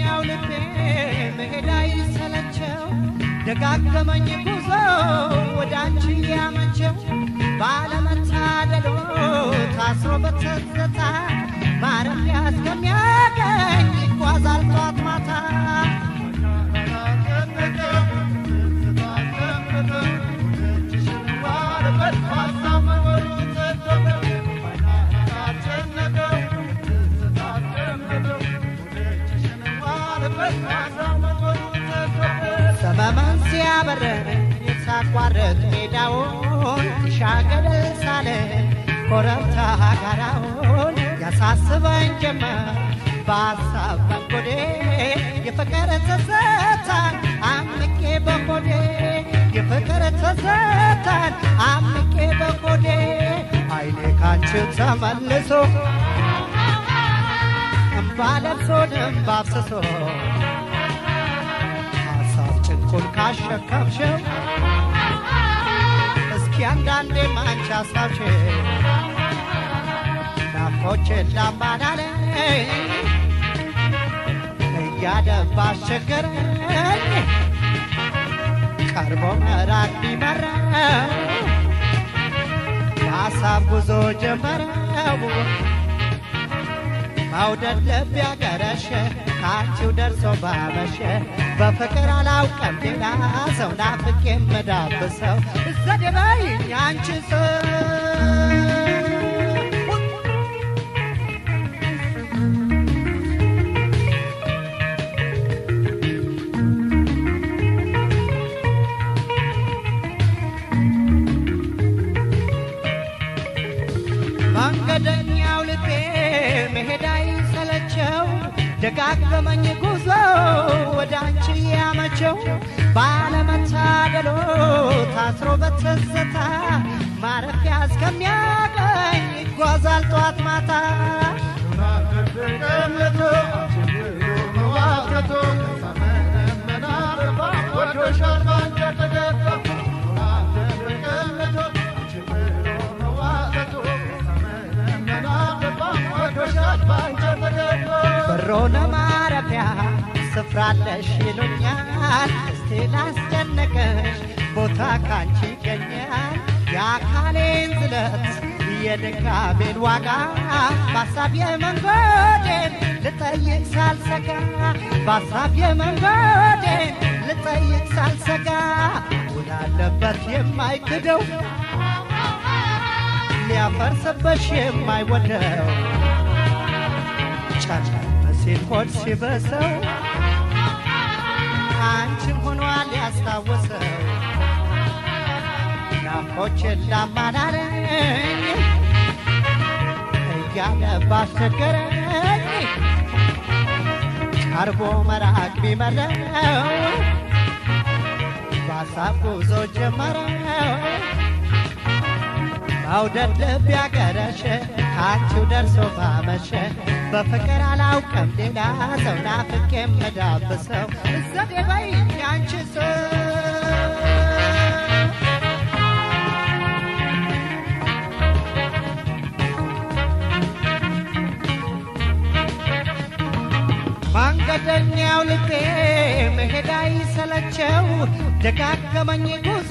ጓደኛው ልቤ መሄድ ይሰለቸው ደጋገመኝ ጉዞ ወደ አንቺ ያመቸው ባለመታደሎ ታስሮ በትዝታ ማረፊያ እስከሚያገኝ ያበረረ እኔን ሳቋረጥ ሜዳውን ትሻገረ ሳለ ኮረብታ ጋራውን ያሳስበኝ ጀመር በሀሳብ በጎዴ የፍቅር ተሰታን አምቄ በኮዴ የፍቅር ተሰታን አምቄ በኮዴ አይኔ ካንቺ ተመልሶ እምባ ለብሶን እምባ አፍስሶ ልቡን ካሸከፍሽው እስኪ አንዳንዴ ማንቻ ሳብሽ ዳፎቼ ላማዳለ እያደባ አስቸገረኝ ቀርቦ መራቅ ቢመረው በሀሳብ ጉዞ ጀመረው አውደለብ ያገረሸ ካንቺው ደርሶ ባመሸ በፍቅር አላውቀም ሌላ ሰው ናፍቄ መዳብሰው እዘደበይኝ አንቺ ሰው ደጋገመኝ ጉዞ ወደ አንቺ ያመቸው ባለመታደሎ ታስሮ በተዘታ ማረፊያ እስከሚያገኝ ይጓዛል ጧት ማታ ተቀምጦ መዋገቶ ወዶሻል ባንጃ ወትሮ ማረፊያ ስፍራለሽ ይሉኛል እስቲ ላስጨነቀሽ ቦታ ካንቺ ይገኛል የአካሌን ዝለት የድካሜን ዋጋ ባሳብ የመንጎዴን ልጠይቅ ሳልሰጋ ባሳብ የመንጎዴን ልጠይቅ ሳልሰጋ ውላለበት የማይክደው ሊያፈርሰበሽ የማይወደው ጨርቅ ሲኮድ ሲበሰው አንቺን ሆኗል ያስታወሰው ናፍቆች ላማናረኝ እያለ ባስቸገረኝ ቀርቦ መራቅ ቢመረው ባሳብ ጉዞ ጀመረው አውደር ልብ ያገረሸ ደርሶ ባመሸ በፍቅር አላውቅም ሌላ ሰው ናፍቄ የምዳብሰው እዘዴ በይ ያንቺ መንገደኛው ልቤ መሄድ አይሰለቸው ደጋገመኝ ጉዞ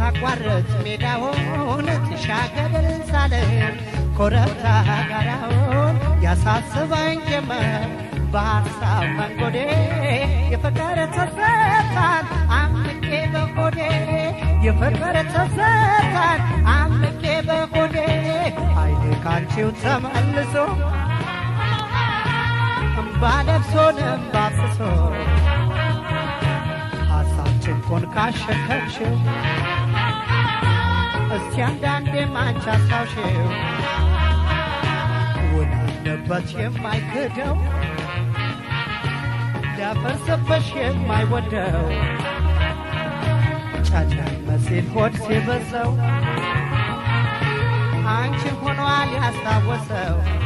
ሳቋርጥ ሜዳውን ትሻገር ሳልል ኮረብታ ጋራውን ያሳስባኝ ጀመር በሀሳብ መንጎዴ የፍቅር ተሰታን አምቄ በቆዴ የፍቅር ተሰታን አምቄ በቆዴ አይኔ ካንቺው ተመልሶ እምባ ለብሶንም ባፍሶ ሀሳብ ጭንቆን ካሸከችው እስኪ አንዳንዴ ማንቻ አስታውሽው ወዳለበት የማይክደው የማይወደው ጫጫ መሲል ሆድ ሲበዛው አንቺን ሆኗል ያስታወሰው